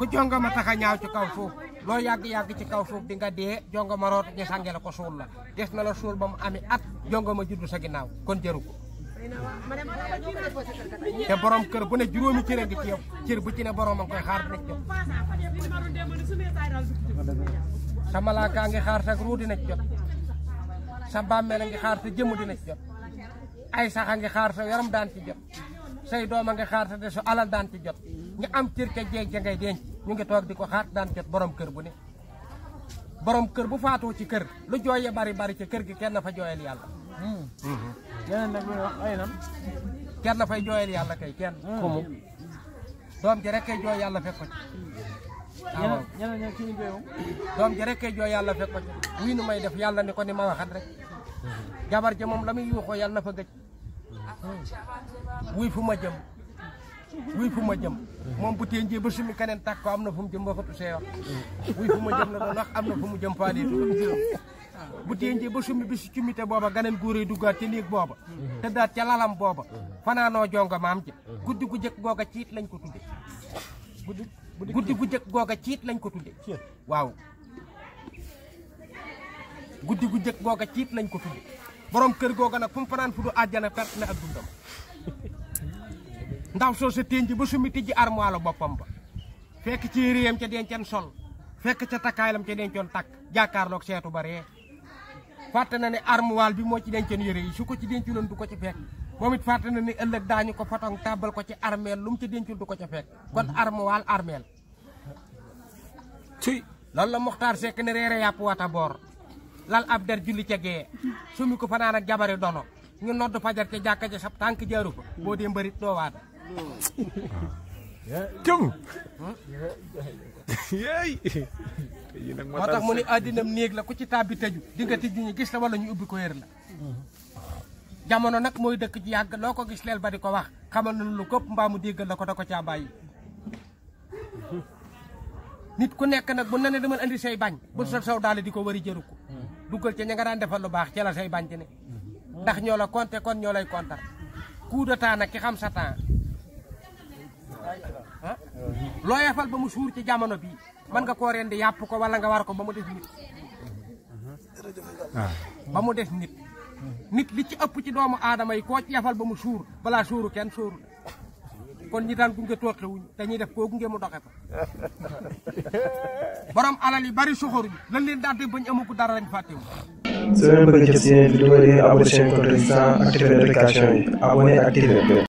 ku jongama tax a ñaaw ci kaw suuf loo yàgg-yàgg ci kaw suuf di nga dee jongama root ñu sànge la ko suul la des na la suul ba mu amee at jongama juddu sa ginnaaw kon jëru ko te borom kër bu ne juróomi cër ngi ci yow cër bu ci ne borom a ngi koy xaar dina jot sa malaakaa ngi xaar sa ruu dina jot sa bàmmeel a ngi xaar sa jëmm dina jot ay sax a ngi xaar sa yaram daan ci jot say doom a nga xaar sa desu alal daan ci jot nga am cër ca jeeg ja ngay ñu ngi toog di ko xaar daan jot borom kër bu ne borom kër bu faatoo ci kër lu jooyee bari bari ci kër gi kenn fa jooyal yàlla yeneen nag wax ay nan kenn fay jooyal yàlla kay kenn xumu doom ji rek kay yàlla fekk ko ci waaw doom ji rek kay jooy yàlla fekk ko wii nu may def yàlla ni ko ni ma rek mhm. jabar ji moom la muy yuuxoo yàlla na fa gëj Hmm. wuy fuma ma jëm wuy fu ma jëm moom bu tee njee ba sumi keneen tàkk ko am na fu mu jëm waxatu see wax wuy fu ma jëm la doon wax am na fu mu jëm faaliitu bu tee njee ba sumi bisu ci mité booba ganeen góoree duggaat ca néeg daat lalam jonga guddi gu ciit lañ ko guddi gu ciit lañ ko guddi gu ciit lañ ko borom kër goga nak puru fanan fudu aljana du na ak dundam ndaw so se tenji ji sumi tiji armoire bopam ba fek ci riyam ca dencen sol fek ca takaylam ca dencion tak jakar lok setu bare fàtte ni armoire bi mo ci dencen yere yi su ko ci non du ko ci fek momit it ni na dañu ko fatong tabal ko ci armel lum ci dencu du ko ci fek kon armoire armel ci lan la muxtar sek ne rere wata bor lal Abder julli ci ge sumi ko fanan ak jabaré dono ñu nodd fajar ci jàkka ci sap tank jaru ko boo dee mbërit doo waata këm yeey moo tax mu ne addinam néeg la ku ci tabbi teju di nga tijju ñu gis la wala ñu ubbi ko yer la jamono nak moy dekk ci yag loko gis lel bari ko wax xamal na lu kopp mbaamu deegal la ko da ko caa nit ku nek nak bu na dama andi say bañ bu sa saw dal di ko wari jëru ko duggal ca ña nga daan defal lu baax ca la say bànc ne ndax ñoo la konte kon ñoo lay kontar coup de temps nag ki xam sa temps loo yafal ba mu suur ci jamono bii mën nga koo rendi yàpp ko wala nga war ko ba mu des nit ah. ba mu des nit nit li ci ëpp ci doomu aadama yi koo yafal ba mu suur balaa suuru kenn suuru kon ñi daan gunge tooqe wuñ dañuy def koo gunge mu doxe fa borom alal yi bari soxor yi lan leen daan bañ amagu dara lañ fàttewu soo leen bëgg a jot si yeneen vidéo yi di abonné chaîne Contre Résistance activé notification yi abonné activé